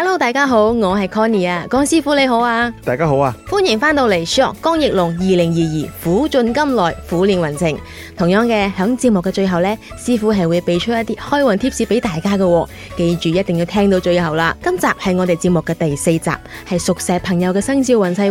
Hello，大家好，我係 Conny 啊，江師傅你好啊，大家好啊，歡迎翻到嚟 Shoot 江奕龍，二零二二虎進金來，虎年運程。同樣嘅響節目嘅最後呢，師傅係會俾出一啲開運貼士俾大家嘅，記住一定要聽到最後啦。今集係我哋節目嘅第四集，係屬蛇朋友嘅生肖運勢。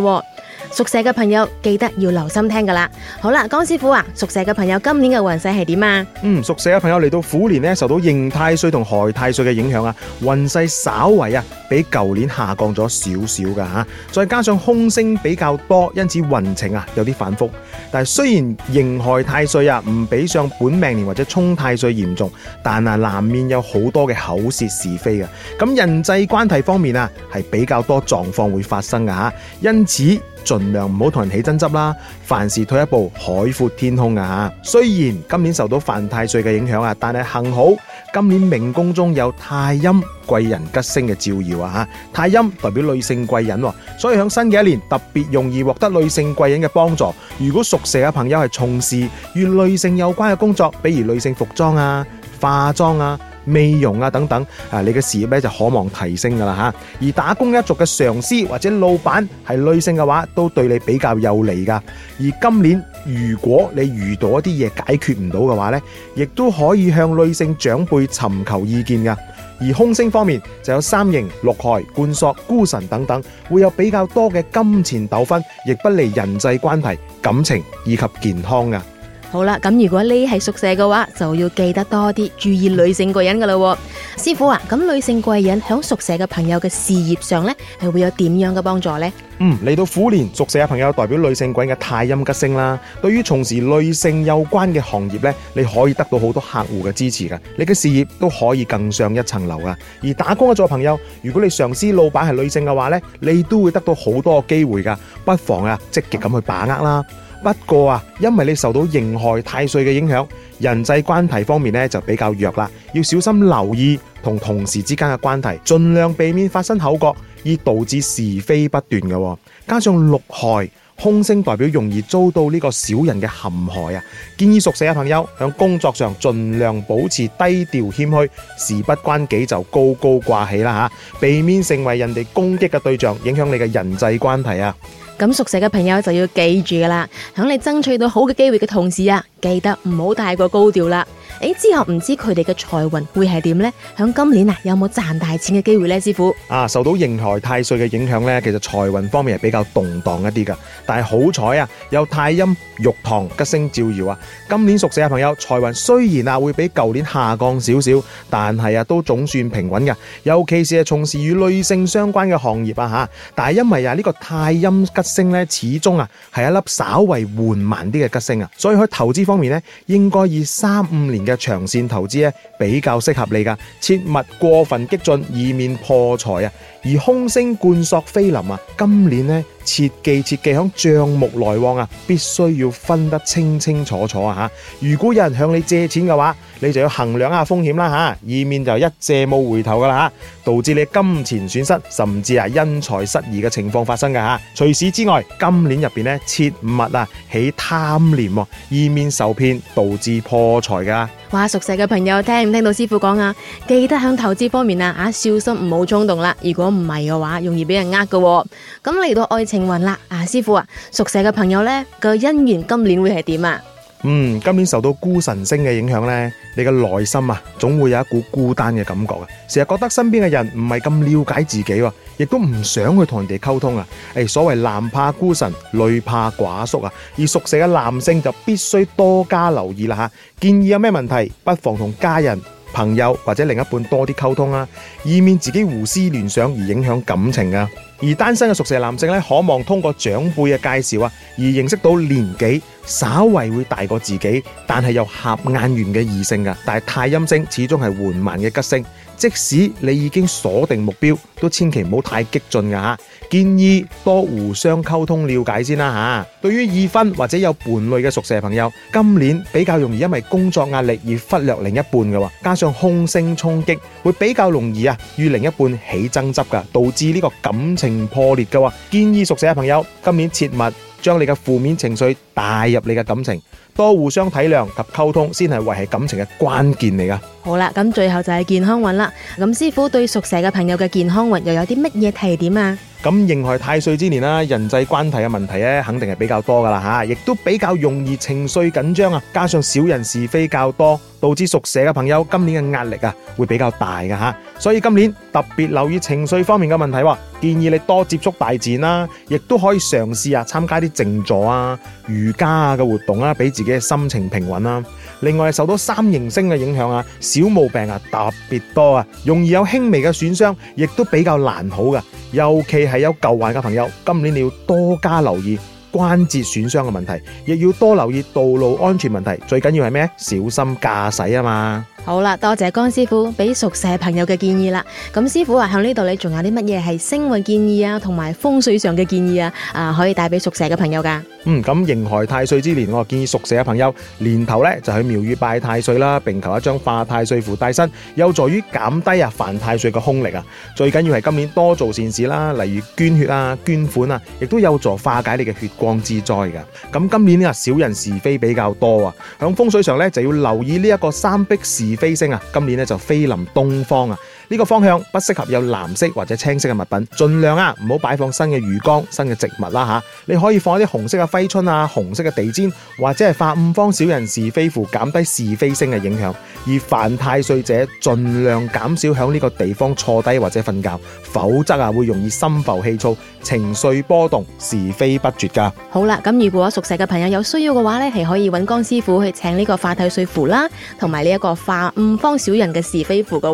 屬蛇嘅朋友記得要留心聽噶啦。好啦，江師傅啊，屬蛇嘅朋友今年嘅運勢係點啊？嗯，屬蛇嘅朋友嚟到虎年呢，受到刑太歲同害太歲嘅影響啊，運勢稍為啊比舊年下降咗少少噶吓。再加上凶星比較多，因此運程啊有啲反覆。但係雖然刑害太歲啊唔比上本命年或者沖太歲嚴重，但係難免有好多嘅口舌是非嘅。咁人際關係方面啊，係比較多狀況會發生噶吓，因此。盡量唔好同人起爭執啦，凡事退一步海闊天空啊！吓，雖然今年受到犯太歲嘅影響啊，但係幸好今年命宮中有太陰貴人吉星嘅照耀啊！吓，太陰代表女性貴人，所以響新嘅一年特別容易獲得女性貴人嘅幫助。如果屬蛇嘅朋友係從事與女性有關嘅工作，比如女性服裝啊、化妝啊。美容啊，等等啊，你嘅事業咧就可望提升噶啦吓。而打工一族嘅上司或者老闆係女性嘅話，都對你比較有利噶。而今年如果你遇到一啲嘢解決唔到嘅話呢，亦都可以向女性長輩尋求意見噶。而凶星方面就有三刑、六害、貫索、孤神等等，會有比較多嘅金錢糾紛，亦不利人際關係、感情以及健康啊。好啦，咁如果呢係屬蛇嘅話，就要記得多啲注意女性貴人嘅啦。師傅啊，咁女性貴人響屬蛇嘅朋友嘅事業上咧，係會有點樣嘅幫助呢？嗯，嚟到虎年，屬蛇嘅朋友代表女性貴人嘅太陰吉星啦。對於從事女性有關嘅行業咧，你可以得到好多客戶嘅支持噶，你嘅事業都可以更上一層樓噶。而打工嘅做朋友，如果你上司老闆係女性嘅話咧，你都會得到好多嘅機會噶，不妨啊積極咁去把握啦。不過啊，因為你受到刑害太歲嘅影響，人際關係方面咧就比較弱啦，要小心留意同同事之間嘅關係，盡量避免發生口角，以導致是非不斷嘅、啊。加上六害凶星代表容易遭到呢個小人嘅陷害啊，建議熟識嘅朋友響工作上盡量保持低調謙虛，事不關己就高高掛起啦、啊、吓，避免成為人哋攻擊嘅對象，影響你嘅人際關係啊。咁熟悉嘅朋友就要記住㗎喇，喺你爭取到好嘅機會嘅同時啊，記得唔好太過高調啦。誒，之後唔知佢哋嘅財運會係點咧？響今年啊，有冇賺大錢嘅機會咧？師傅啊，受到刑害太歲嘅影響咧，其實財運方面係比較動盪一啲噶。但係好彩啊，有太陰玉堂吉星照耀啊！今年屬蛇嘅朋友，財運雖然啊會比舊年下降少少，但係啊都總算平穩噶。尤其是係從事與女性相關嘅行業啊吓，但係因為啊呢個太陰吉星咧，始終啊係一粒稍為緩慢啲嘅吉星啊，所以喺投資方面咧，應該以三五年嘅長線投資比較適合你噶，切勿過分激進，以免破財啊！而凶星灌索菲林啊，今年呢。切記切記，響賬目來往啊，必須要分得清清楚楚啊！吓，如果有人向你借錢嘅話，你就要衡量下風險啦，吓，以免就一借冇回頭噶啦吓，導致你金錢損失，甚至係因財失宜嘅情況發生嘅吓。除此之外，今年入邊呢，切勿啊起貪念，以免受騙導致破財噶。話屬蛇嘅朋友聽唔聽到師傅講啊？記得喺投資方面啊，小心唔好衝動啦！如果唔係嘅話，容易俾人呃嘅。咁嚟到愛情運啦，啊師傅啊，屬蛇嘅朋友呢，個姻緣今年會係點啊？嗯，今年受到孤神星嘅影響呢，你嘅內心啊總會有一股孤單嘅感覺啊，成日覺得身邊嘅人唔係咁了解自己、啊。亦都唔想去同人哋溝通啊！誒所謂男怕孤神，女怕寡宿啊！而屬蛇嘅男性就必須多加留意啦、啊、嚇。建議有咩問題，不妨同家人、朋友或者另一半多啲溝通啊，以免自己胡思亂想而影響感情啊！而單身嘅屬蛇男性咧，渴望通過長輩嘅介紹啊，而認識到年紀稍微會大過自己，但係又合眼緣嘅異性噶、啊。但係太陰星始終係緩慢嘅吉星。即使你已經鎖定目標，都千祈唔好太激進㗎，建議多互相溝通了解先啦，吓。對於已婚或者有伴侶嘅屬蛇朋友，今年比較容易因為工作壓力而忽略另一半嘅，加上凶星衝擊，會比較容易啊與另一半起爭執㗎，導致呢個感情破裂嘅話，建議屬蛇嘅朋友今年切勿，將你嘅負面情緒帶入你嘅感情，多互相體諒及溝通，先係維繫感情嘅關鍵嚟噶。好啦，咁最後就係健康運啦。咁師傅對屬蛇嘅朋友嘅健康運又有啲乜嘢提點啊？咁刑害太歲之年啦，人際關係嘅問題咧，肯定係比較多噶啦吓，亦都比較容易情緒緊張啊，加上小人是非較多，導致屬蛇嘅朋友今年嘅壓力啊會比較大嘅吓，所以今年特別留意情緒方面嘅問題，建議你多接觸大自然啦，亦都可以嘗試啊參加啲靜坐啊、瑜伽啊嘅活動啊，俾自己嘅心情平穩啦。另外，受到三刑星嘅影響啊，小毛病啊特別多啊，容易有輕微嘅損傷，亦都比較難好嘅，尤其係。有舊患嘅朋友，今年你要多加留意關節損傷嘅問題，亦要多留意道路安全問題。最緊要係咩？小心駕駛啊嘛！好啦，多謝江師傅俾屬蛇朋友嘅建議啦。咁師傅話向呢度你仲有啲乜嘢係星運建議啊，同埋風水上嘅建議啊，啊可以帶俾屬蛇嘅朋友噶？嗯，咁刑害太歲之年，我建議屬蛇嘅朋友年頭咧就去廟宇拜太歲啦，並求一張化太歲符帶身，有助於減低啊犯太歲嘅凶力啊。最緊要係今年多做善事啦，例如捐血啊、捐款啊，亦都有助化解你嘅血光之災噶。咁今年呢，咧少人是非比較多啊，響風水上咧就要留意呢一個三碧是。飛星啊，今年咧就飛臨東方啊。呢個方向不適合有藍色或者青色嘅物品，盡量啊唔好擺放新嘅魚缸、新嘅植物啦、啊、吓。你可以放一啲紅色嘅揮春啊、紅色嘅地氈，或者係化五方小人是非符，減低是非星嘅影響。而犯太歲者盡量減少響呢個地方坐低或者瞓覺，否則啊會容易心浮氣躁、情緒波動、是非不絕噶。好啦，咁如果熟識嘅朋友有需要嘅話呢，係可以揾江師傅去請呢個化太歲符啦，同埋呢一個化五方小人嘅是非符噶。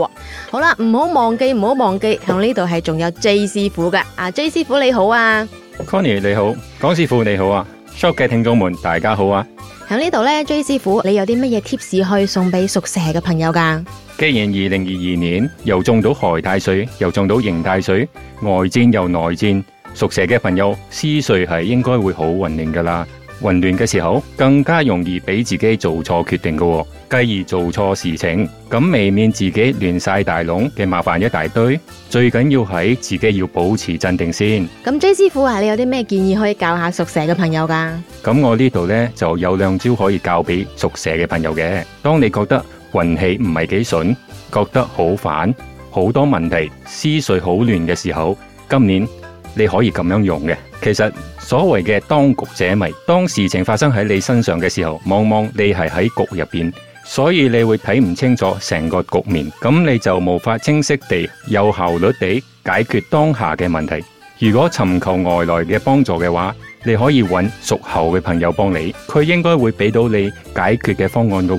好啦。唔好忘記，唔好忘記，響呢度係仲有 J 師傅噶，啊 J 師傅你好啊，Connie 你好，江師傅你好啊，Show 嘅聽眾們大家好啊，響呢度呢 J 師傅你有啲乜嘢 tips 可以送俾屬蛇嘅朋友噶？既然二零二二年又中到害太歲，又中到刑太歲，外戰又內戰，屬蛇嘅朋友思緒係應該會好混亂噶啦。混亂嘅時候，更加容易俾自己做錯決定㗎喎，繼而做錯事情，咁未免自己亂晒大籠嘅麻煩一大堆。最緊要係自己要保持鎮定先。咁 J 師傅啊，你有啲咩建議可以教下屬蛇嘅朋友噶？咁我呢度呢就有兩招可以教俾屬蛇嘅朋友嘅。當你覺得運氣唔係幾順，覺得好煩，好多問題，思緒好亂嘅時候，今年你可以咁樣用嘅。其實所謂嘅當局者迷，當事情發生喺你身上嘅時候，往往你係喺局入邊，所以你會睇唔清楚成個局面，咁你就無法清晰地、有效率地解決當下嘅問題。如果尋求外來嘅幫助嘅話，你可以揾屬猴嘅朋友幫你，佢應該會俾到你解決嘅方案噶。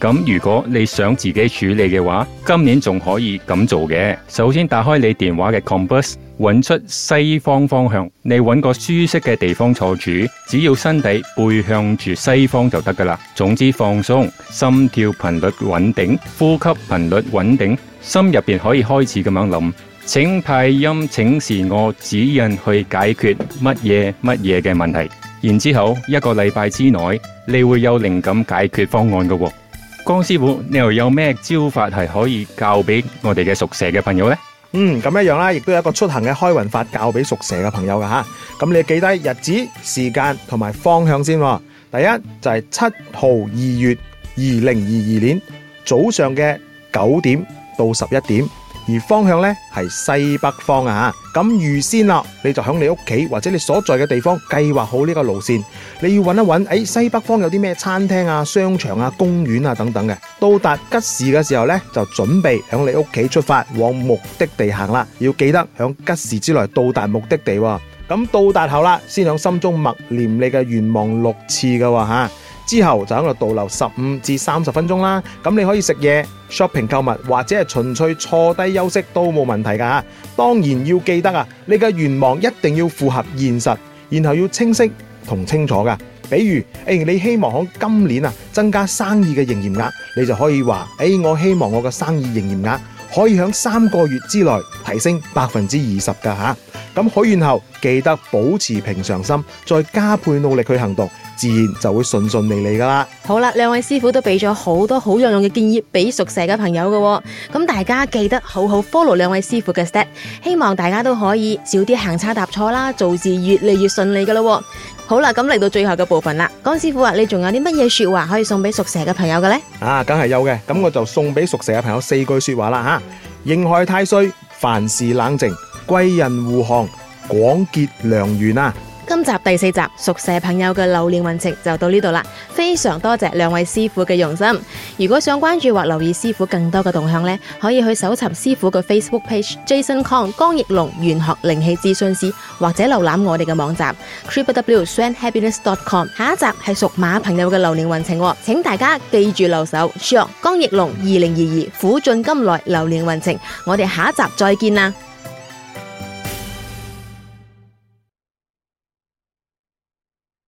咁如果你想自己處理嘅話，今年仲可以咁做嘅。首先打開你電話嘅 Compass。搵出西方方向，你搵個舒適嘅地方坐住，只要身體背向住西方就得噶啦。總之放鬆，心跳頻率穩定，呼吸頻率穩定，心入面可以開始咁樣諗，請派音、請示我指引去解決乜嘢乜嘢嘅問題。然之後一個禮拜之內，你會有靈感解決方案噶、哦。江師傅，你又有咩招法係可以教俾我哋嘅屬蛇嘅朋友呢？嗯，咁一樣啦，亦都有一個出行嘅開運法教俾屬蛇嘅朋友噶吓，啊、咁你記低日子、時間同埋方向先、哦。第一就係七號二月二零二二年早上嘅九點到十一點。而方向呢，係西北方啊，咁預先啊，你就響你屋企或者你所在嘅地方計劃好呢個路線。你要揾一揾，誒、哎，西北方有啲咩餐廳啊、商場啊、公園啊等等嘅。到達吉時嘅時候呢，就準備響你屋企出發往目的地行啦。要記得響吉時之內到達目的地喎。咁到達後啦，先響心中默念你嘅願望六次嘅吓喎。之後就喺度逗留十五至三十分鐘啦，咁你可以食嘢、shopping 購物，購物或者係純粹坐低休息都冇問題㗎吓。當然要記得啊，你嘅願望一定要符合現實，然後要清晰同清楚㗎。比如，誒你希望喺今年啊增加生意嘅營業額，你就可以話，誒，我希望我嘅生意營業額。可以喺三個月之內提升百分之二十噶吓，咁許願後記得保持平常心，再加倍努力去行動，自然就會順順利利噶啦。好啦，兩位師傅都俾咗好多好有用嘅建議俾屬蛇嘅朋友噶，咁大家記得好好 follow 兩位師傅嘅 step，希望大家都可以少啲行差踏錯啦，做事越嚟越順利噶啦。好啦，咁嚟到最後嘅部分啦，江師傅啊，你仲有啲乜嘢說話可以送俾屬蛇嘅朋友嘅呢？啊，梗係有嘅，咁我就送俾屬蛇嘅朋友四句說話啦吓，刑、啊、害太歲，凡事冷靜，貴人護航，廣結良緣啊！集第四集，屬蛇朋友嘅流年運程就到呢度啦。非常多謝兩位師傅嘅用心。如果想關注或留意師傅更多嘅動向呢，可以去搜尋師傅嘅 Facebook page Jason Kong 江奕龍玄學靈氣諮詢師，或者瀏覽我哋嘅網站 c r www.sandhappiness.com。下一集係屬馬朋友嘅流年運程，請大家記住留守。上江奕龍，二零二二，虎進金來，流年運程，我哋下一集再見啦。